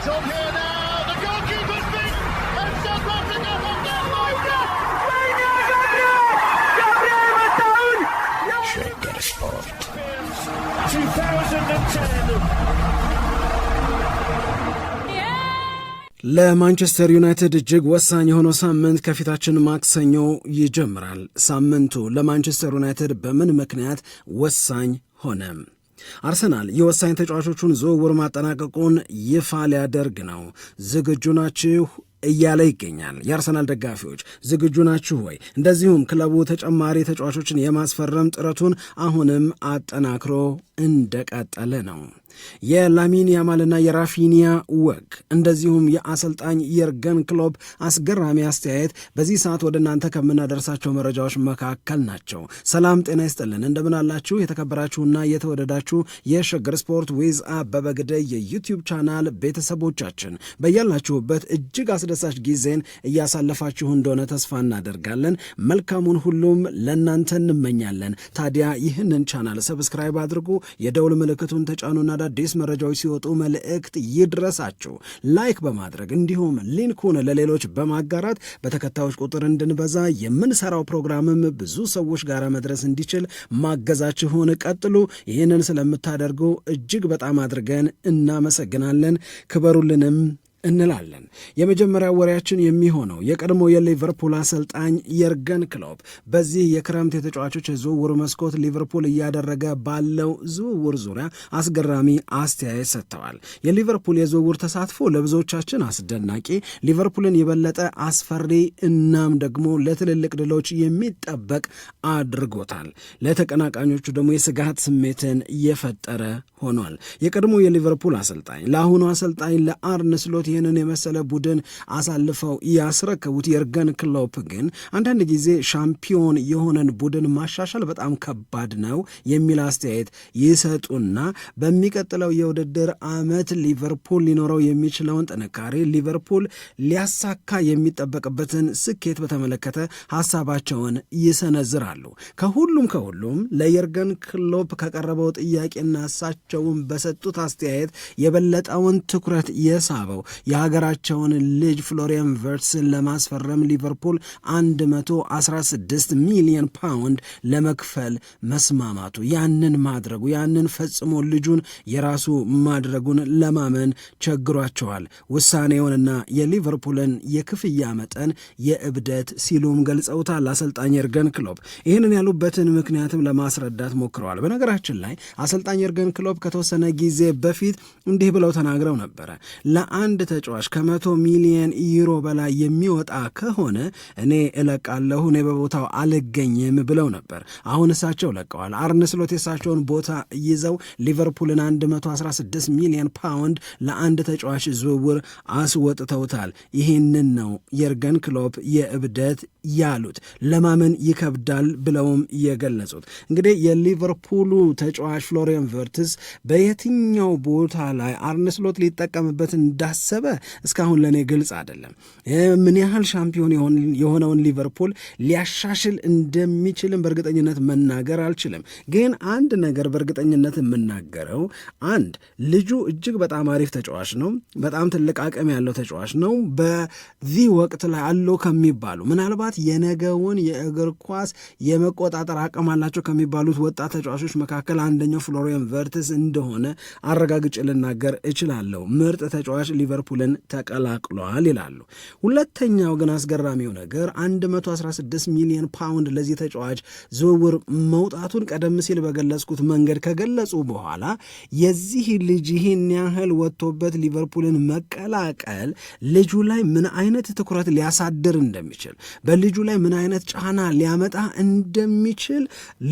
It's on here now. The goalkeeper's and South Africa Sport 2010 ለማንቸስተር ዩናይትድ እጅግ ወሳኝ የሆነው ሳምንት ከፊታችን ማክሰኞ ይጀምራል። ሳምንቱ ለማንቸስተር ዩናይትድ በምን ምክንያት ወሳኝ ሆነም? አርሰናል የወሳኝ ተጫዋቾቹን ዝውውር ማጠናቀቁን ይፋ ሊያደርግ ነው። ዝግጁ ናችሁ እያለ ይገኛል። የአርሰናል ደጋፊዎች ዝግጁ ናችሁ ወይ? እንደዚሁም ክለቡ ተጨማሪ ተጫዋቾችን የማስፈረም ጥረቱን አሁንም አጠናክሮ እንደቀጠለ ነው። የላሚን ያማልና የራፊኒያ ወግ እንደዚሁም የአሰልጣኝ የርገን ክሎብ አስገራሚ አስተያየት በዚህ ሰዓት ወደ እናንተ ከምናደርሳቸው መረጃዎች መካከል ናቸው። ሰላም ጤና ይስጥልን፣ እንደምናላችሁ የተከበራችሁና የተወደዳችሁ የሸገር ስፖርት ዊዝ አበበ ግደይ የዩቲዩብ ቻናል ቤተሰቦቻችን በያላችሁበት እጅግ አስደሳች ጊዜን እያሳለፋችሁ እንደሆነ ተስፋ እናደርጋለን። መልካሙን ሁሉም ለእናንተ እንመኛለን። ታዲያ ይህንን ቻናል ሰብስክራይብ አድርጉ፣ የደውል ምልክቱን ተጫኑና አዳዲስ መረጃዎች ሲወጡ መልእክት ይድረሳችሁ ላይክ በማድረግ እንዲሁም ሊንኩን ለሌሎች በማጋራት በተከታዮች ቁጥር እንድንበዛ የምንሰራው ፕሮግራምም ብዙ ሰዎች ጋር መድረስ እንዲችል ማገዛችሁን ቀጥሉ። ይህንን ስለምታደርጉ እጅግ በጣም አድርገን እናመሰግናለን። ክበሩልንም እንላለን። የመጀመሪያ ወሬያችን የሚሆነው የቀድሞ የሊቨርፑል አሰልጣኝ የርገን ክሎፕ በዚህ የክረምት የተጫዋቾች የዝውውር መስኮት ሊቨርፑል እያደረገ ባለው ዝውውር ዙሪያ አስገራሚ አስተያየት ሰጥተዋል። የሊቨርፑል የዝውውር ተሳትፎ ለብዙዎቻችን አስደናቂ፣ ሊቨርፑልን የበለጠ አስፈሪ እናም ደግሞ ለትልልቅ ድሎች የሚጠበቅ አድርጎታል። ለተቀናቃኞቹ ደግሞ የስጋት ስሜትን የፈጠረ ሆኗል። የቀድሞ የሊቨርፑል አሰልጣኝ ለአሁኑ አሰልጣኝ ለአርነ ስሎት ይህንን የመሰለ ቡድን አሳልፈው ያስረከቡት የርገን ክሎፕ ግን አንዳንድ ጊዜ ሻምፒዮን የሆነን ቡድን ማሻሻል በጣም ከባድ ነው የሚል አስተያየት ይሰጡና በሚቀጥለው የውድድር ዓመት ሊቨርፑል ሊኖረው የሚችለውን ጥንካሬ ሊቨርፑል ሊያሳካ የሚጠበቅበትን ስኬት በተመለከተ ሀሳባቸውን ይሰነዝራሉ። ከሁሉም ከሁሉም ለየርገን ክሎፕ ከቀረበው ጥያቄና እሳቸውን በሰጡት አስተያየት የበለጠውን ትኩረት የሳበው የሀገራቸውን ልጅ ፍሎሪያን ቨርትስን ለማስፈረም ሊቨርፑል 116 ሚሊዮን ፓውንድ ለመክፈል መስማማቱ ያንን ማድረጉ ያንን ፈጽሞ ልጁን የራሱ ማድረጉን ለማመን ቸግሯቸዋል። ውሳኔውንና የሊቨርፑልን የክፍያ መጠን የእብደት ሲሉም ገልጸውታል አሰልጣኝ ኤርገን ክሎፕ። ይህንን ያሉበትን ምክንያትም ለማስረዳት ሞክረዋል። በነገራችን ላይ አሰልጣኝ ኤርገን ክሎፕ ከተወሰነ ጊዜ በፊት እንዲህ ብለው ተናግረው ነበረ ለአንድ ተጫዋች ከመቶ ሚሊየን ዩሮ በላይ የሚወጣ ከሆነ እኔ እለቃለሁ፣ እኔ በቦታው አልገኝም ብለው ነበር። አሁን እሳቸው ለቀዋል። አርነ ስሎት የእሳቸውን ቦታ ይዘው ሊቨርፑልን 116 ሚሊዮን ፓውንድ ለአንድ ተጫዋች ዝውውር አስወጥተውታል። ይህንን ነው የርገን ክሎፕ የእብደት ያሉት ለማመን ይከብዳል ብለውም የገለጹት። እንግዲህ የሊቨርፑሉ ተጫዋች ፍሎሪየን ቨርትስ በየትኛው ቦታ ላይ አርነስሎት ሊጠቀምበት እንዳሰብ እንዳሰበ እስካሁን ለእኔ ግልጽ አይደለም። ምን ያህል ሻምፒዮን የሆነውን ሊቨርፑል ሊያሻሽል እንደሚችልም በእርግጠኝነት መናገር አልችልም። ግን አንድ ነገር በእርግጠኝነት የምናገረው አንድ ልጁ እጅግ በጣም አሪፍ ተጫዋች ነው። በጣም ትልቅ አቅም ያለው ተጫዋች ነው። በዚህ ወቅት ላይ አለው ከሚባሉ ምናልባት የነገውን የእግር ኳስ የመቆጣጠር አቅም አላቸው ከሚባሉት ወጣት ተጫዋቾች መካከል አንደኛው ፍሎሪየን ቨርትስ እንደሆነ አረጋግጬ ልናገር እችላለሁ። ምርጥ ተጫዋች ሊቨርፑል ሊቨርፑልን ተቀላቅሏል ይላሉ። ሁለተኛው ግን አስገራሚው ነገር 116 ሚሊዮን ፓውንድ ለዚህ ተጫዋች ዝውውር መውጣቱን ቀደም ሲል በገለጽኩት መንገድ ከገለጹ በኋላ የዚህ ልጅ ይህን ያህል ወጥቶበት ሊቨርፑልን መቀላቀል ልጁ ላይ ምን አይነት ትኩረት ሊያሳድር እንደሚችል በልጁ ላይ ምን አይነት ጫና ሊያመጣ እንደሚችል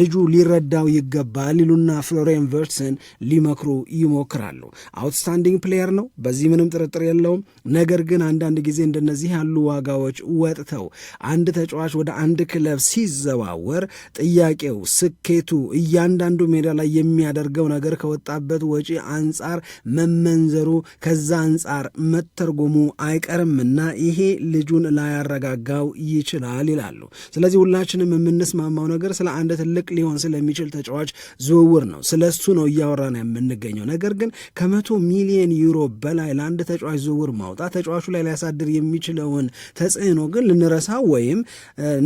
ልጁ ሊረዳው ይገባል ይሉና ፍሎሬን ቨርትስን ሊመክሩ ይሞክራሉ። አውትስታንዲንግ ፕሌየር ነው፣ በዚህ ምንም ጥርጥር የለውም። ነገር ግን አንዳንድ ጊዜ እንደነዚህ ያሉ ዋጋዎች ወጥተው አንድ ተጫዋች ወደ አንድ ክለብ ሲዘዋወር ጥያቄው፣ ስኬቱ፣ እያንዳንዱ ሜዳ ላይ የሚያደርገው ነገር ከወጣበት ወጪ አንጻር መመንዘሩ ከዛ አንጻር መተርጎሙ አይቀርምና ይሄ ልጁን ላያረጋጋው ይችላል ይላሉ። ስለዚህ ሁላችንም የምንስማማው ነገር ስለ አንድ ትልቅ ሊሆን ስለሚችል ተጫዋች ዝውውር ነው። ስለ እሱ ነው እያወራን የምንገኘው። ነገር ግን ከመቶ ሚሊዮን ዩሮ በላይ ለአንድ ተጫዋች ተጫዋች ዝውውር ማውጣት ተጫዋቹ ላይ ሊያሳድር የሚችለውን ተጽዕኖ ግን ልንረሳው ወይም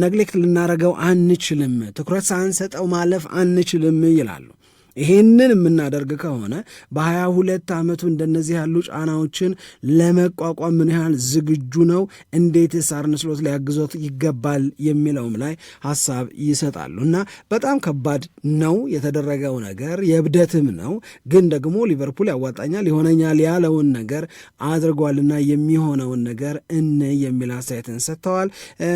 ነግሌክት ልናረገው አንችልም፣ ትኩረት ሳንሰጠው ማለፍ አንችልም ይላሉ። ይሄንን የምናደርግ ከሆነ በሀያ ሁለት ዓመቱ እንደነዚህ ያሉ ጫናዎችን ለመቋቋም ምን ያህል ዝግጁ ነው፣ እንዴት አርነ ስሎት ሊያግዞት ይገባል የሚለውም ላይ ሀሳብ ይሰጣሉ እና በጣም ከባድ ነው የተደረገው ነገር የብደትም ነው። ግን ደግሞ ሊቨርፑል ያዋጣኛል ይሆነኛል ያለውን ነገር አድርጓልና የሚሆነውን ነገር እን የሚል አስተያየትን ሰጥተዋል።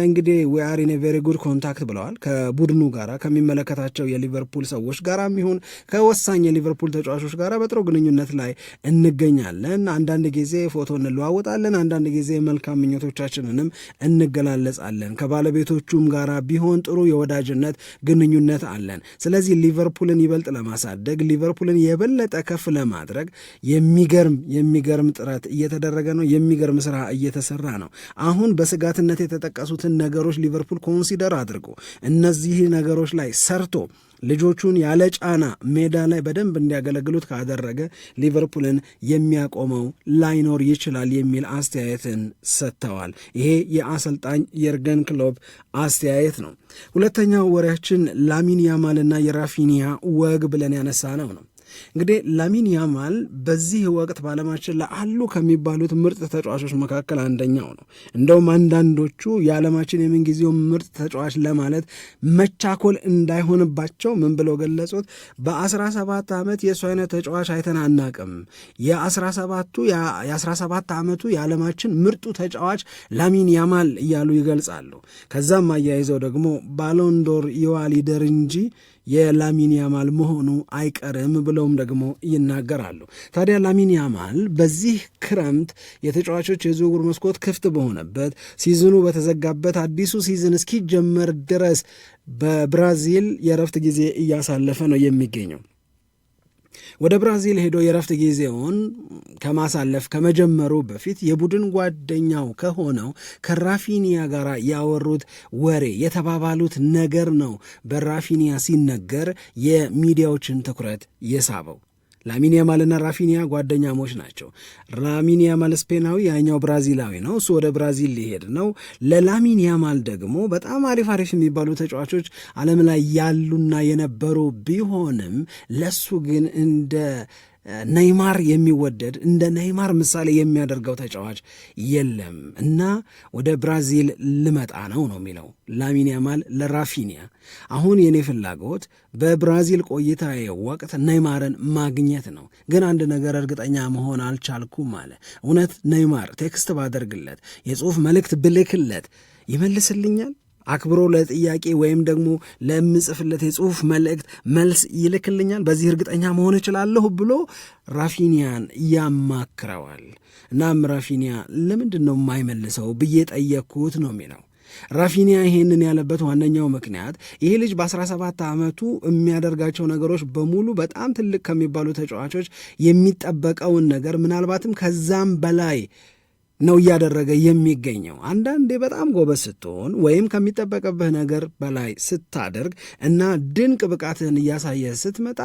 እንግዲህ ዊአር ኢን ቬሪ ጉድ ኮንታክት ብለዋል ከቡድኑ ጋር ከሚመለከታቸው የሊቨርፑል ሰዎች ጋር የሚሆን ከወሳኝ የሊቨርፑል ተጫዋቾች ጋር በጥሩ ግንኙነት ላይ እንገኛለን። አንዳንድ ጊዜ ፎቶ እንለዋወጣለን፣ አንዳንድ ጊዜ መልካም ምኞቶቻችንንም እንገላለጻለን። ከባለቤቶቹም ጋር ቢሆን ጥሩ የወዳጅነት ግንኙነት አለን። ስለዚህ ሊቨርፑልን ይበልጥ ለማሳደግ ሊቨርፑልን የበለጠ ከፍ ለማድረግ የሚገርም የሚገርም ጥረት እየተደረገ ነው። የሚገርም ስራ እየተሰራ ነው። አሁን በስጋትነት የተጠቀሱትን ነገሮች ሊቨርፑል ኮንሲደር አድርጎ እነዚህ ነገሮች ላይ ሰርቶ ልጆቹን ያለ ጫና ሜዳ ላይ በደንብ እንዲያገለግሉት ካደረገ ሊቨርፑልን የሚያቆመው ላይኖር ይችላል የሚል አስተያየትን ሰጥተዋል። ይሄ የአሰልጣኝ የርገን ክሎፕ አስተያየት ነው። ሁለተኛው ወሬያችን ላሚን ያማልና የራፊኒያ ወግ ብለን ያነሳ ነው ነው እንግዲህ ላሚን ያማል በዚህ ወቅት በዓለማችን ላይ አሉ ከሚባሉት ምርጥ ተጫዋቾች መካከል አንደኛው ነው። እንደውም አንዳንዶቹ የዓለማችን የምንጊዜው ምርጥ ተጫዋች ለማለት መቻኮል እንዳይሆንባቸው ምን ብለው ገለጹት? በ17 ዓመት የእሱ አይነት ተጫዋች አይተን አናቅም። የ17ቱ የ17 ዓመቱ የዓለማችን ምርጡ ተጫዋች ላሚን ያማል እያሉ ይገልጻሉ። ከዛም አያይዘው ደግሞ ባሎንዶር ይዋ ሊደር እንጂ የላሚን ያማል መሆኑ አይቀርም ብለውም ደግሞ ይናገራሉ። ታዲያ ላሚን ያማል በዚህ ክረምት የተጫዋቾች የዝውውር መስኮት ክፍት በሆነበት ሲዝኑ በተዘጋበት አዲሱ ሲዝን እስኪጀመር ድረስ በብራዚል የእረፍት ጊዜ እያሳለፈ ነው የሚገኘው። ወደ ብራዚል ሄዶ የረፍት ጊዜውን ከማሳለፍ ከመጀመሩ በፊት የቡድን ጓደኛው ከሆነው ከራፊኒያ ጋር ያወሩት ወሬ የተባባሉት ነገር ነው በራፊኒያ ሲነገር የሚዲያዎችን ትኩረት የሳበው። ላሚን ያማልና ራፊኒያ ጓደኛሞች ናቸው። ላሚን ያማል ስፔናዊ፣ ያኛው ብራዚላዊ ነው። እሱ ወደ ብራዚል ሊሄድ ነው። ለላሚን ያማል ደግሞ በጣም አሪፍ አሪፍ የሚባሉ ተጫዋቾች ዓለም ላይ ያሉና የነበሩ ቢሆንም ለሱ ግን እንደ ነይማር የሚወደድ እንደ ነይማር ምሳሌ የሚያደርገው ተጫዋች የለም እና ወደ ብራዚል ልመጣ ነው ነው የሚለው ላሚን ያማል ለራፊኒያ። አሁን የኔ ፍላጎት በብራዚል ቆይታዬ ወቅት ነይማርን ማግኘት ነው፣ ግን አንድ ነገር እርግጠኛ መሆን አልቻልኩም አለ። እውነት ነይማር ቴክስት ባደርግለት የጽሑፍ መልእክት ብልክለት ይመልስልኛል? አክብሮ ለጥያቄ ወይም ደግሞ ለምጽፍለት የጽሁፍ መልእክት መልስ ይልክልኛል፣ በዚህ እርግጠኛ መሆን እችላለሁ ብሎ ራፊኒያን ያማክረዋል። እናም ራፊኒያ ለምንድን ነው የማይመልሰው ብዬ ጠየቅኩት ነው የሚለው። ራፊኒያ ይሄንን ያለበት ዋነኛው ምክንያት ይሄ ልጅ በ17 ዓመቱ የሚያደርጋቸው ነገሮች በሙሉ በጣም ትልቅ ከሚባሉ ተጫዋቾች የሚጠበቀውን ነገር ምናልባትም ከዛም በላይ ነው እያደረገ የሚገኘው። አንዳንዴ በጣም ጎበዝ ስትሆን ወይም ከሚጠበቅብህ ነገር በላይ ስታደርግ እና ድንቅ ብቃትህን እያሳየህ ስትመጣ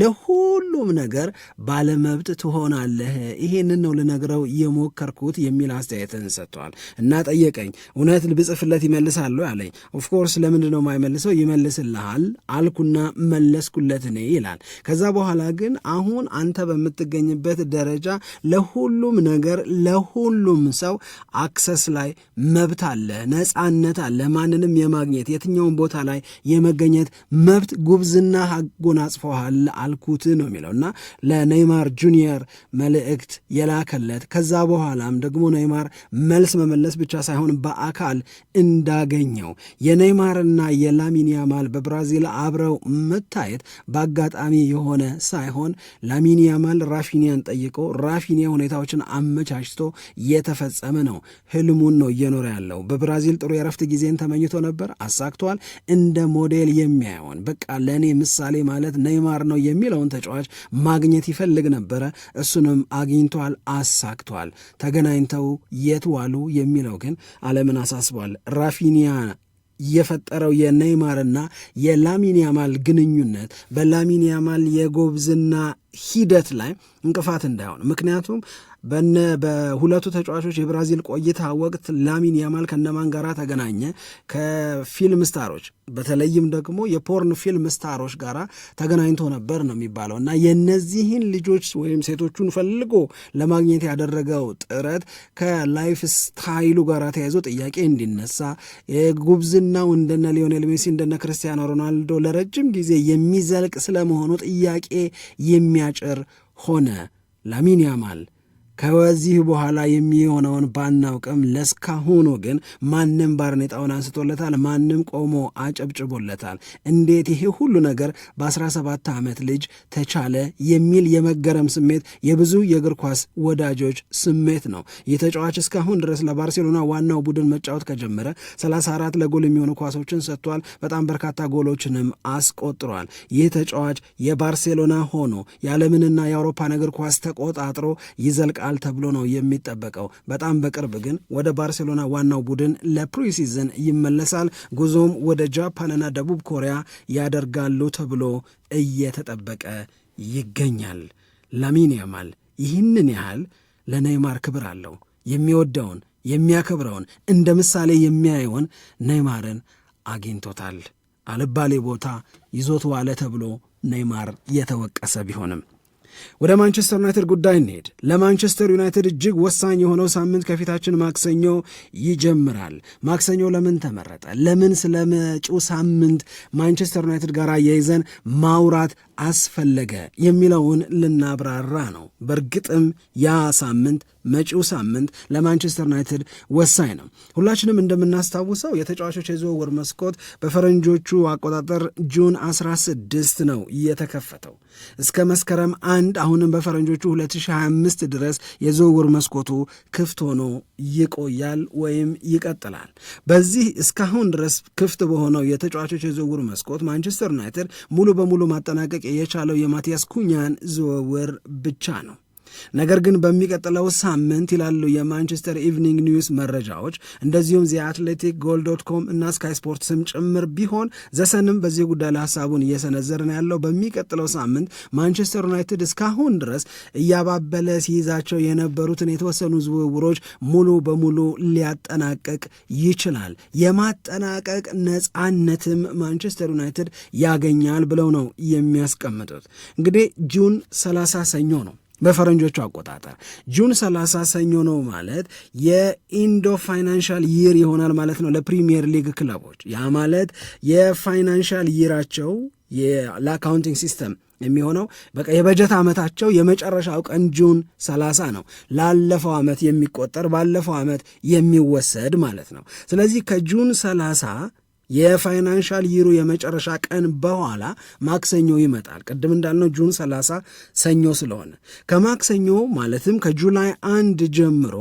ለሁሉም ነገር ባለመብት ትሆናለህ። ይሄንን ነው ልነግረው የሞከርኩት የሚል አስተያየትን ሰጥተዋል እና ጠየቀኝ። እውነት ብጽፍለት ይመልሳሉ አለኝ። ኦፍኮርስ ለምንድን ነው የማይመልሰው? ይመልስልሃል አልኩና መለስኩለት እኔ ይላል። ከዛ በኋላ ግን አሁን አንተ በምትገኝበት ደረጃ ለሁሉም ነገር ለሁሉ ሁሉም ሰው አክሰስ ላይ መብት አለ፣ ነጻነት አለ። ማንንም የማግኘት የትኛውን ቦታ ላይ የመገኘት መብት ጉብዝና አጎናጽፎሃል አልኩት ነው የሚለው እና ለኔይማር ጁኒየር መልእክት የላከለት ከዛ በኋላም ደግሞ ኔይማር መልስ መመለስ ብቻ ሳይሆን በአካል እንዳገኘው የኔይማርና የላሚን ያማል በብራዚል አብረው መታየት በአጋጣሚ የሆነ ሳይሆን ላሚን ያማል ራፊኒያን ጠይቆ ራፊኒያ ሁኔታዎችን አመቻችቶ እየተፈጸመ ነው። ህልሙን ነው እየኖረ ያለው። በብራዚል ጥሩ የረፍት ጊዜን ተመኝቶ ነበር፣ አሳክቷል። እንደ ሞዴል የሚያየውን በቃ ለእኔ ምሳሌ ማለት ነይማር ነው የሚለውን ተጫዋች ማግኘት ይፈልግ ነበረ። እሱንም አግኝቷል፣ አሳክቷል። ተገናኝተው የት ዋሉ የሚለው ግን ዓለምን አሳስቧል። ራፊኒያ የፈጠረው የኔይማርና የላሚን ያማል ግንኙነት በላሚን ያማል የጎብዝና ሂደት ላይ እንቅፋት እንዳይሆን ምክንያቱም በነ በሁለቱ ተጫዋቾች የብራዚል ቆይታ ወቅት ላሚን ያማል ከነማን ጋር ተገናኘ? ከፊልም ስታሮች በተለይም ደግሞ የፖርን ፊልም ስታሮች ጋር ተገናኝቶ ነበር ነው የሚባለው እና የነዚህን ልጆች ወይም ሴቶቹን ፈልጎ ለማግኘት ያደረገው ጥረት ከላይፍ ስታይሉ ጋር ተያይዞ ጥያቄ እንዲነሳ የጉብዝናው እንደነ ሊዮኔል ሜሲ እንደነ ክርስቲያኖ ሮናልዶ ለረጅም ጊዜ የሚዘልቅ ስለመሆኑ ጥያቄ የሚያጭር ሆነ ላሚን ያማል ከዚህ በኋላ የሚሆነውን ባናውቅም ለስካሁኑ ግን ማንም ባርኔጣውን አንስቶለታል፣ ማንም ቆሞ አጨብጭቦለታል። እንዴት ይሄ ሁሉ ነገር በ17 ዓመት ልጅ ተቻለ የሚል የመገረም ስሜት የብዙ የእግር ኳስ ወዳጆች ስሜት ነው። ይህ ተጫዋች እስካሁን ድረስ ለባርሴሎና ዋናው ቡድን መጫወት ከጀመረ 34 ለጎል የሚሆኑ ኳሶችን ሰጥቷል። በጣም በርካታ ጎሎችንም አስቆጥሯል። ይህ ተጫዋች የባርሴሎና ሆኖ የዓለምንና የአውሮፓን እግር ኳስ ተቆጣጥሮ ይዘልቃል ይበቃል ተብሎ ነው የሚጠበቀው። በጣም በቅርብ ግን ወደ ባርሴሎና ዋናው ቡድን ለፕሪሲዝን ይመለሳል። ጉዞም ወደ ጃፓንና ደቡብ ኮሪያ ያደርጋሉ ተብሎ እየተጠበቀ ይገኛል። ላሚን ያማል ይህንን ያህል ለነይማር ክብር አለው። የሚወደውን የሚያከብረውን፣ እንደ ምሳሌ የሚያየውን ነይማርን አግኝቶታል። አልባሌ ቦታ ይዞት ዋለ ተብሎ ነይማር የተወቀሰ ቢሆንም ወደ ማንቸስተር ዩናይትድ ጉዳይ እንሄድ። ለማንቸስተር ዩናይትድ እጅግ ወሳኝ የሆነው ሳምንት ከፊታችን ማክሰኞ ይጀምራል። ማክሰኞ ለምን ተመረጠ? ለምን ስለመጪው ሳምንት ማንቸስተር ዩናይትድ ጋር አያይዘን ማውራት አስፈለገ የሚለውን ልናብራራ ነው። በእርግጥም ያ ሳምንት መጪው ሳምንት ለማንቸስተር ዩናይትድ ወሳኝ ነው። ሁላችንም እንደምናስታውሰው የተጫዋቾች የዝውውር መስኮት በፈረንጆቹ አቆጣጠር ጁን 16 ነው የተከፈተው። እስከ መስከረም አንድ አሁንም በፈረንጆቹ 2025 ድረስ የዝውውር መስኮቱ ክፍት ሆኖ ይቆያል ወይም ይቀጥላል። በዚህ እስካሁን ድረስ ክፍት በሆነው የተጫዋቾች የዝውውር መስኮት ማንቸስተር ዩናይትድ ሙሉ በሙሉ ማጠናቀቅ የቻለው የማቲያስ ኩኛን ዝውውር ብቻ ነው። ነገር ግን በሚቀጥለው ሳምንት ይላሉ የማንቸስተር ኢቭኒንግ ኒውስ መረጃዎች፣ እንደዚሁም ዚ አትሌቲክ ጎል ዶት ኮም እና ስካይ ስም ጭምር ቢሆን ዘሰንም በዚህ ጉዳይ ላይ ሀሳቡን እየሰነዘረ ነው ያለው። በሚቀጥለው ሳምንት ማንቸስተር ዩናይትድ እስካሁን ድረስ እያባበለ ሲይዛቸው የነበሩትን የተወሰኑ ዝውውሮች ሙሉ በሙሉ ሊያጠናቀቅ ይችላል። የማጠናቀቅ ነፃነትም ማንቸስተር ዩናይትድ ያገኛል ብለው ነው የሚያስቀምጡት። እንግዲህ ጁን 30 ሰኞ ነው በፈረንጆቹ አቆጣጠር ጁን 30 ሰኞ ነው ማለት የኢንዶ ፋይናንሻል ይር ይሆናል ማለት ነው ለፕሪሚየር ሊግ ክለቦች። ያ ማለት የፋይናንሻል ይራቸው ለአካውንቲንግ ሲስተም የሚሆነው በቃ የበጀት ዓመታቸው የመጨረሻው ቀን ጁን 30 ነው። ላለፈው ዓመት የሚቆጠር ባለፈው ዓመት የሚወሰድ ማለት ነው። ስለዚህ ከጁን 30 የፋይናንሻል ይሩ የመጨረሻ ቀን በኋላ ማክሰኞ ይመጣል። ቅድም እንዳልነው ጁን 30 ሰኞ ስለሆነ ከማክሰኞ ማለትም ከጁላይ አንድ ጀምሮ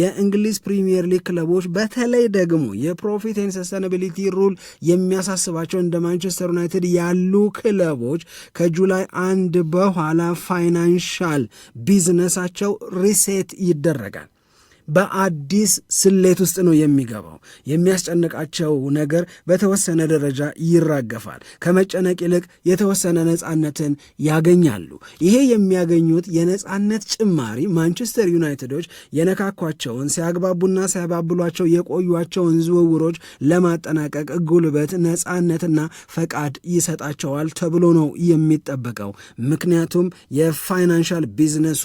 የእንግሊዝ ፕሪምየር ሊግ ክለቦች በተለይ ደግሞ የፕሮፊት ኤንድ ሰስተናቢሊቲ ሩል የሚያሳስባቸው እንደ ማንቸስተር ዩናይትድ ያሉ ክለቦች ከጁላይ አንድ በኋላ ፋይናንሻል ቢዝነሳቸው ሪሴት ይደረጋል። በአዲስ ስሌት ውስጥ ነው የሚገባው። የሚያስጨንቃቸው ነገር በተወሰነ ደረጃ ይራገፋል። ከመጨነቅ ይልቅ የተወሰነ ነፃነትን ያገኛሉ። ይሄ የሚያገኙት የነፃነት ጭማሪ ማንቸስተር ዩናይትዶች የነካኳቸውን ሲያግባቡና ሲያባብሏቸው የቆዩቸውን ዝውውሮች ለማጠናቀቅ ጉልበት፣ ነፃነትና ፈቃድ ይሰጣቸዋል ተብሎ ነው የሚጠበቀው። ምክንያቱም የፋይናንሻል ቢዝነሱ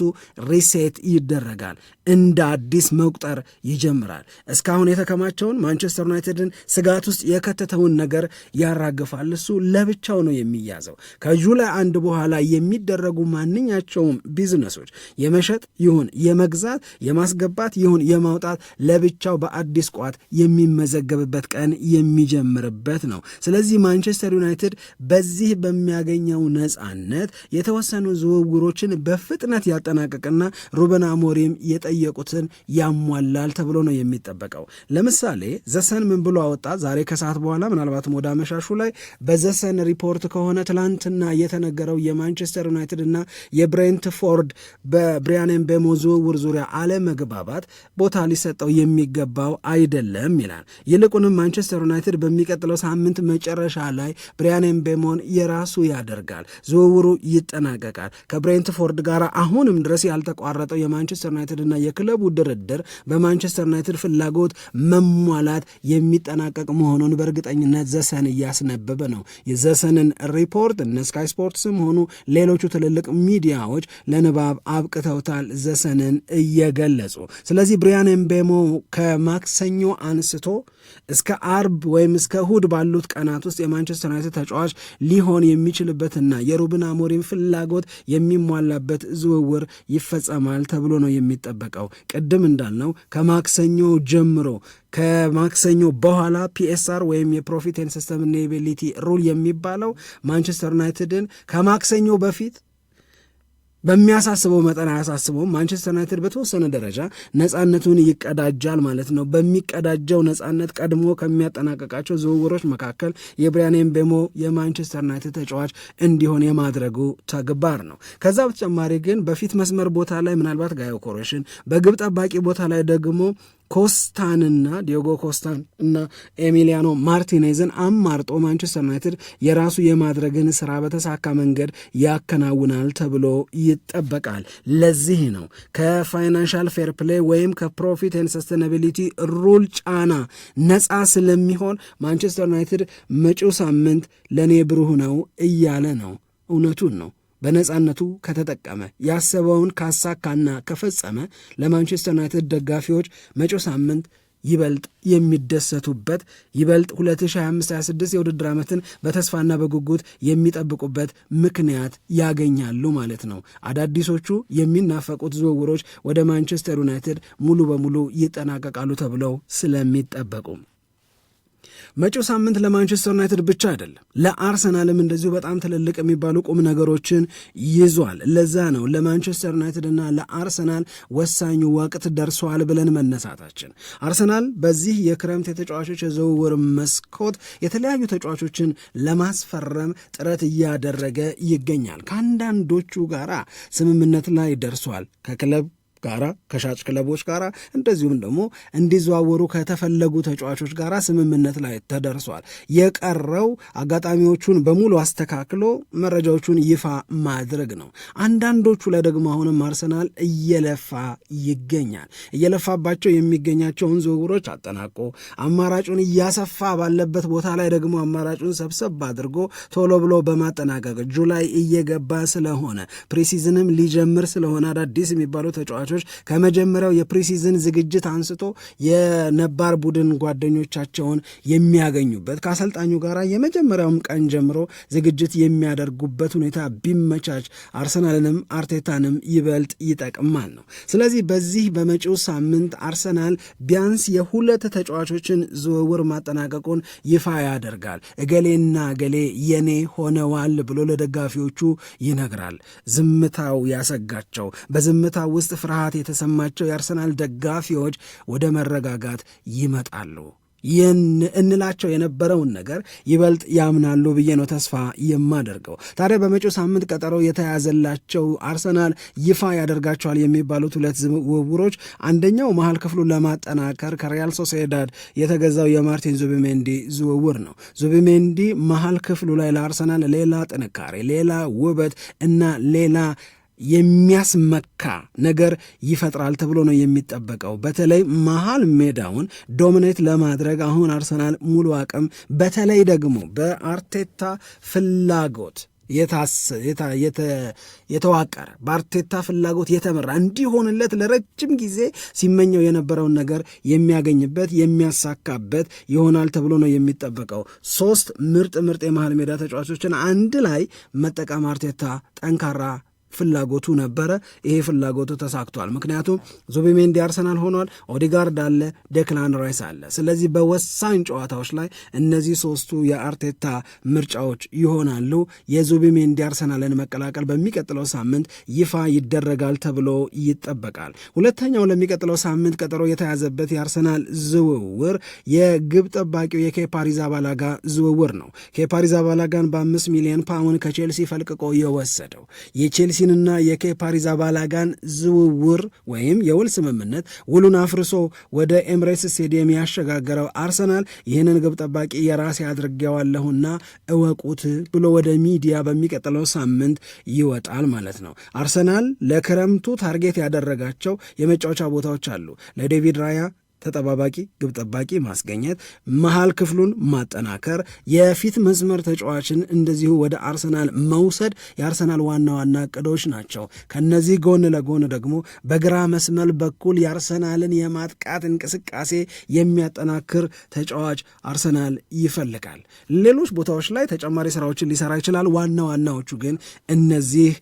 ሪሴት ይደረጋል እንደ አዲስ መቁጠር ይጀምራል። እስካሁን የተከማቸውን ማንቸስተር ዩናይትድን ስጋት ውስጥ የከተተውን ነገር ያራግፋል። እሱ ለብቻው ነው የሚያዘው። ከጁላይ አንድ በኋላ የሚደረጉ ማንኛቸውም ቢዝነሶች የመሸጥ ይሁን የመግዛት፣ የማስገባት ይሁን የማውጣት ለብቻው በአዲስ ቋት የሚመዘገብበት ቀን የሚጀምርበት ነው። ስለዚህ ማንቸስተር ዩናይትድ በዚህ በሚያገኘው ነጻነት የተወሰኑ ዝውውሮችን በፍጥነት ያጠናቀቅና ሩበን አሞሪም የጠየቁትን ያሟላል ተብሎ ነው የሚጠበቀው። ለምሳሌ ዘሰን ምን ብሎ አወጣ? ዛሬ ከሰዓት በኋላ ምናልባትም ወደ አመሻሹ ላይ በዘሰን ሪፖርት ከሆነ ትላንትና የተነገረው የማንቸስተር ዩናይትድ እና የብሬንትፎርድ በብሪያን ምቤሞ ዝውውር ዙሪያ አለመግባባት ቦታ ሊሰጠው የሚገባው አይደለም ይላል። ይልቁንም ማንቸስተር ዩናይትድ በሚቀጥለው ሳምንት መጨረሻ ላይ ብሪያን ምቤሞን የራሱ ያደርጋል፣ ዝውውሩ ይጠናቀቃል። ከብሬንትፎርድ ጋር አሁንም ድረስ ያልተቋረጠው የማንቸስተር ዩናይትድ እና የክለቡ ድርድር ውድድር በማንቸስተር ዩናይትድ ፍላጎት መሟላት የሚጠናቀቅ መሆኑን በእርግጠኝነት ዘሰን እያስነበበ ነው። የዘሰንን ሪፖርት እነ ስካይ ስፖርትስም ሆኑ ሌሎቹ ትልልቅ ሚዲያዎች ለንባብ አብቅተውታል ዘሰንን እየገለጹ ስለዚህ ብሪያን ኤምቤሞ ከማክሰኞ አንስቶ እስከ አርብ ወይም እስከ እሁድ ባሉት ቀናት ውስጥ የማንቸስተር ዩናይትድ ተጫዋች ሊሆን የሚችልበትና የሩብን አሞሪም ፍላጎት የሚሟላበት ዝውውር ይፈጸማል ተብሎ ነው የሚጠበቀው። ቅድም እንዳልነው ከማክሰኞ ጀምሮ ከማክሰኞ በኋላ ፒኤስአር ወይም የፕሮፊት ኤንድ ሰስተይናቢሊቲ ሩል የሚባለው ማንቸስተር ዩናይትድን ከማክሰኞ በፊት በሚያሳስበው መጠን አያሳስበውም። ማንቸስተር ዩናይትድ በተወሰነ ደረጃ ነፃነቱን ይቀዳጃል ማለት ነው። በሚቀዳጀው ነፃነት ቀድሞ ከሚያጠናቀቃቸው ዝውውሮች መካከል የብሪያን ኤምቤሞ የማንቸስተር ዩናይትድ ተጫዋች እንዲሆን የማድረጉ ተግባር ነው። ከዛ በተጨማሪ ግን በፊት መስመር ቦታ ላይ ምናልባት ጋዮ በግብ ጠባቂ ቦታ ላይ ደግሞ ኮስታንና ዲዮጎ ኮስታን እና ኤሚሊያኖ ማርቲኔዝን አማርጦ ማንቸስተር ዩናይትድ የራሱ የማድረግን ስራ በተሳካ መንገድ ያከናውናል ተብሎ ይጠበቃል። ለዚህ ነው ከፋይናንሻል ፌር ፕሌይ ወይም ከፕሮፊት ኤንድ ሰስቴናቢሊቲ ሩል ጫና ነፃ ስለሚሆን ማንቸስተር ዩናይትድ መጪው ሳምንት ለእኔ ብሩህ ነው እያለ ነው። እውነቱን ነው። በነፃነቱ ከተጠቀመ ያሰበውን ካሳካና ከፈጸመ ለማንቸስተር ዩናይትድ ደጋፊዎች መጪው ሳምንት ይበልጥ የሚደሰቱበት ይበልጥ 2025/26 የውድድር ዓመትን በተስፋና በጉጉት የሚጠብቁበት ምክንያት ያገኛሉ ማለት ነው። አዳዲሶቹ የሚናፈቁት ዝውውሮች ወደ ማንቸስተር ዩናይትድ ሙሉ በሙሉ ይጠናቀቃሉ ተብለው ስለሚጠበቁም። መጪው ሳምንት ለማንቸስተር ዩናይትድ ብቻ አይደለም ለአርሰናልም እንደዚሁ በጣም ትልልቅ የሚባሉ ቁም ነገሮችን ይዟል። ለዛ ነው ለማንቸስተር ዩናይትድ እና ለአርሰናል ወሳኙ ወቅት ደርሷል ብለን መነሳታችን። አርሰናል በዚህ የክረምት የተጫዋቾች የዝውውር መስኮት የተለያዩ ተጫዋቾችን ለማስፈረም ጥረት እያደረገ ይገኛል። ከአንዳንዶቹ ጋራ ስምምነት ላይ ደርሷል ከክለብ ጋር ከሻጭ ክለቦች ጋራ እንደዚሁም ደግሞ እንዲዘዋወሩ ከተፈለጉ ተጫዋቾች ጋራ ስምምነት ላይ ተደርሷል። የቀረው አጋጣሚዎቹን በሙሉ አስተካክሎ መረጃዎቹን ይፋ ማድረግ ነው። አንዳንዶቹ ላይ ደግሞ አሁንም አርሰናል እየለፋ ይገኛል። እየለፋባቸው የሚገኛቸውን ዝውውሮች አጠናቆ አማራጩን እያሰፋ ባለበት ቦታ ላይ ደግሞ አማራጩን ሰብሰብ አድርጎ ቶሎ ብሎ በማጠናቀቅ ጁላይ እየገባ ስለሆነ ፕሪሲዝንም ሊጀምር ስለሆነ አዳዲስ የሚባሉ ተጫዋቾች ተጫዋቾች ከመጀመሪያው የፕሪሲዝን ዝግጅት አንስቶ የነባር ቡድን ጓደኞቻቸውን የሚያገኙበት ከአሰልጣኙ ጋር የመጀመሪያውም ቀን ጀምሮ ዝግጅት የሚያደርጉበት ሁኔታ ቢመቻች አርሰናልንም አርቴታንም ይበልጥ ይጠቅማል ነው። ስለዚህ በዚህ በመጪው ሳምንት አርሰናል ቢያንስ የሁለት ተጫዋቾችን ዝውውር ማጠናቀቁን ይፋ ያደርጋል። እገሌና እገሌ የኔ ሆነዋል ብሎ ለደጋፊዎቹ ይነግራል። ዝምታው ያሰጋቸው፣ በዝምታው ውስጥ ፍርሃ ፍርሃት የተሰማቸው የአርሰናል ደጋፊዎች ወደ መረጋጋት ይመጣሉ እንላቸው የነበረውን ነገር ይበልጥ ያምናሉ ብዬ ነው ተስፋ የማደርገው። ታዲያ በመጪው ሳምንት ቀጠሮ የተያዘላቸው አርሰናል ይፋ ያደርጋቸዋል የሚባሉት ሁለት ዝውውሮች አንደኛው መሀል ክፍሉን ለማጠናከር ከሪያል ሶሴዳድ የተገዛው የማርቲን ዙቢሜንዲ ዝውውር ነው። ዙቢሜንዲ መሀል ክፍሉ ላይ ለአርሰናል ሌላ ጥንካሬ፣ ሌላ ውበት እና ሌላ የሚያስመካ ነገር ይፈጥራል ተብሎ ነው የሚጠበቀው። በተለይ መሀል ሜዳውን ዶሚኔት ለማድረግ አሁን አርሰናል ሙሉ አቅም፣ በተለይ ደግሞ በአርቴታ ፍላጎት የተዋቀረ በአርቴታ ፍላጎት የተመራ እንዲሆንለት ለረጅም ጊዜ ሲመኘው የነበረውን ነገር የሚያገኝበት የሚያሳካበት ይሆናል ተብሎ ነው የሚጠበቀው። ሶስት ምርጥ ምርጥ የመሃል ሜዳ ተጫዋቾችን አንድ ላይ መጠቀም አርቴታ ጠንካራ ፍላጎቱ ነበረ። ይሄ ፍላጎቱ ተሳክቷል። ምክንያቱም ዙቢሜንዲ አርሰናል ሆኗል፣ ኦዲጋርድ አለ፣ ደክላን ራይስ አለ። ስለዚህ በወሳኝ ጨዋታዎች ላይ እነዚህ ሶስቱ የአርቴታ ምርጫዎች ይሆናሉ። የዙቢሜንዲ አርሰናልን መቀላቀል በሚቀጥለው ሳምንት ይፋ ይደረጋል ተብሎ ይጠበቃል። ሁለተኛው ለሚቀጥለው ሳምንት ቀጠሮ የተያዘበት የአርሰናል ዝውውር የግብ ጠባቂው የኬፓሪዛ ባላጋ ዝውውር ነው። ኬፓሪዛ ባላጋን በአምስት ሚሊዮን ፓውንድ ከቼልሲ ፈልቅቆ የወሰደው የቼልሲ የቼልሲንና የኬፓሪዝ አባላጋን ዝውውር ወይም የውል ስምምነት ውሉን አፍርሶ ወደ ኤምሬስ ስቴዲየም ያሸጋገረው አርሰናል ይህንን ግብ ጠባቂ የራሴ አድርጌዋለሁና እወቁት ብሎ ወደ ሚዲያ በሚቀጥለው ሳምንት ይወጣል ማለት ነው። አርሰናል ለክረምቱ ታርጌት ያደረጋቸው የመጫወቻ ቦታዎች አሉ። ለዴቪድ ራያ ተጠባባቂ ግብ ጠባቂ ማስገኘት፣ መሃል ክፍሉን ማጠናከር፣ የፊት መስመር ተጫዋችን እንደዚሁ ወደ አርሰናል መውሰድ የአርሰናል ዋና ዋና እቅዶች ናቸው። ከነዚህ ጎን ለጎን ደግሞ በግራ መስመር በኩል የአርሰናልን የማጥቃት እንቅስቃሴ የሚያጠናክር ተጫዋች አርሰናል ይፈልጋል። ሌሎች ቦታዎች ላይ ተጨማሪ ስራዎችን ሊሰራ ይችላል። ዋና ዋናዎቹ ግን እነዚህ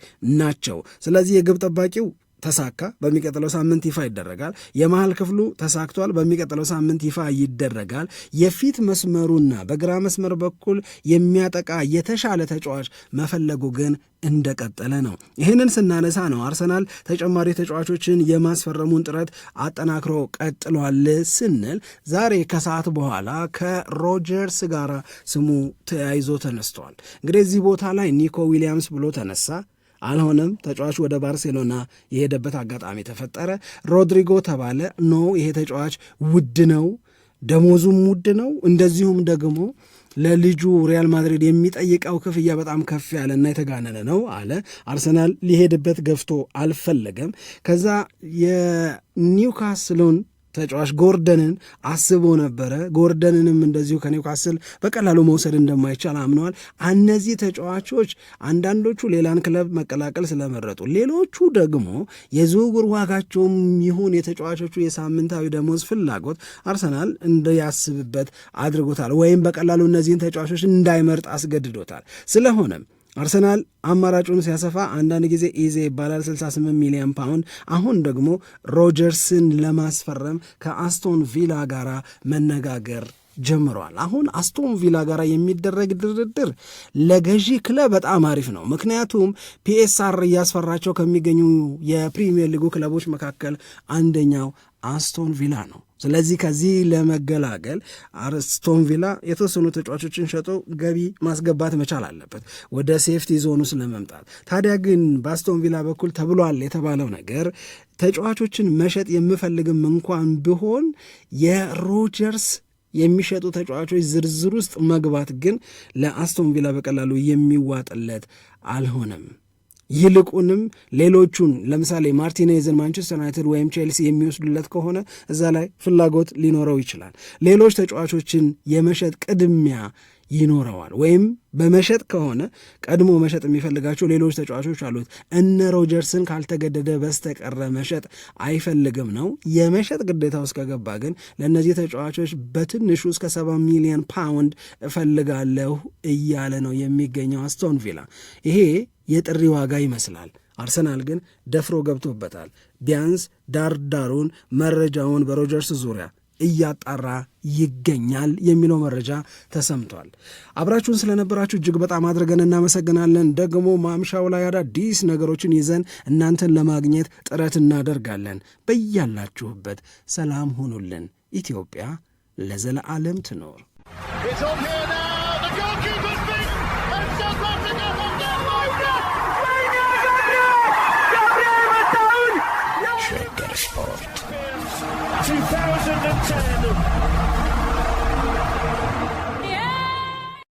ናቸው። ስለዚህ የግብ ጠባቂው ተሳካ፣ በሚቀጥለው ሳምንት ይፋ ይደረጋል። የመሀል ክፍሉ ተሳክቷል፣ በሚቀጥለው ሳምንት ይፋ ይደረጋል። የፊት መስመሩና በግራ መስመር በኩል የሚያጠቃ የተሻለ ተጫዋች መፈለጉ ግን እንደቀጠለ ነው። ይህንን ስናነሳ ነው አርሰናል ተጨማሪ ተጫዋቾችን የማስፈረሙን ጥረት አጠናክሮ ቀጥሏል ስንል ዛሬ ከሰዓት በኋላ ከሮጀርስ ጋር ስሙ ተያይዞ ተነስቷል። እንግዲህ እዚህ ቦታ ላይ ኒኮ ዊሊያምስ ብሎ ተነሳ። አልሆነም። ተጫዋቹ ወደ ባርሴሎና የሄደበት አጋጣሚ ተፈጠረ። ሮድሪጎ ተባለ። ኖ ይሄ ተጫዋች ውድ ነው፣ ደሞዙም ውድ ነው። እንደዚሁም ደግሞ ለልጁ ሪያል ማድሪድ የሚጠይቀው ክፍያ በጣም ከፍ ያለና የተጋነነ ነው አለ። አርሰናል ሊሄድበት ገፍቶ አልፈለገም። ከዛ የኒውካስሎን ተጫዋች ጎርደንን አስቦ ነበረ። ጎርደንንም እንደዚሁ ከኒውካስል በቀላሉ መውሰድ እንደማይቻል አምነዋል። እነዚህ ተጫዋቾች አንዳንዶቹ ሌላን ክለብ መቀላቀል ስለመረጡ፣ ሌሎቹ ደግሞ የዝውውር ዋጋቸውም ይሁን የተጫዋቾቹ የሳምንታዊ ደሞዝ ፍላጎት አርሰናል እንዲያስብበት አድርጎታል፣ ወይም በቀላሉ እነዚህን ተጫዋቾች እንዳይመርጥ አስገድዶታል። ስለሆነም አርሰናል አማራጩን ሲያሰፋ አንዳንድ ጊዜ ኢዜ ይባላል 68 ሚሊዮን ፓውንድ። አሁን ደግሞ ሮጀርስን ለማስፈረም ከአስቶን ቪላ ጋር መነጋገር ጀምሯል። አሁን አስቶን ቪላ ጋር የሚደረግ ድርድር ለገዢ ክለብ በጣም አሪፍ ነው። ምክንያቱም ፒኤስአር እያስፈራቸው ከሚገኙ የፕሪሚየር ሊጉ ክለቦች መካከል አንደኛው አስቶን ቪላ ነው። ስለዚህ ከዚህ ለመገላገል አስቶን ቪላ የተወሰኑ ተጫዋቾችን ሸጦ ገቢ ማስገባት መቻል አለበት ወደ ሴፍቲ ዞን ውስጥ ለመምጣት። ታዲያ ግን በአስቶን ቪላ በኩል ተብሏል የተባለው ነገር ተጫዋቾችን መሸጥ የምፈልግም እንኳን ቢሆን የሮጀርስ የሚሸጡ ተጫዋቾች ዝርዝር ውስጥ መግባት ግን ለአስቶን ቪላ በቀላሉ የሚዋጥለት አልሆነም። ይልቁንም ሌሎቹን ለምሳሌ ማርቲኔዝን ማንቸስተር ዩናይትድ ወይም ቼልሲ የሚወስዱለት ከሆነ እዛ ላይ ፍላጎት ሊኖረው ይችላል። ሌሎች ተጫዋቾችን የመሸጥ ቅድሚያ ይኖረዋል። ወይም በመሸጥ ከሆነ ቀድሞ መሸጥ የሚፈልጋቸው ሌሎች ተጫዋቾች አሉት። እነ ሮጀርስን ካልተገደደ በስተቀረ መሸጥ አይፈልግም ነው። የመሸጥ ግዴታ ውስጥ ከገባ ግን ለእነዚህ ተጫዋቾች በትንሹ እስከ ሰባ ሚሊዮን ፓውንድ እፈልጋለሁ እያለ ነው የሚገኘው አስቶን ቪላ። ይሄ የጥሪ ዋጋ ይመስላል። አርሰናል ግን ደፍሮ ገብቶበታል። ቢያንስ ዳርዳሩን መረጃውን በሮጀርስ ዙሪያ እያጣራ ይገኛል የሚለው መረጃ ተሰምቷል። አብራችሁን ስለነበራችሁ እጅግ በጣም አድርገን እናመሰግናለን። ደግሞ ማምሻው ላይ አዳዲስ ነገሮችን ይዘን እናንተን ለማግኘት ጥረት እናደርጋለን። በያላችሁበት ሰላም ሁኑልን። ኢትዮጵያ ለዘለዓለም ትኖር። 2010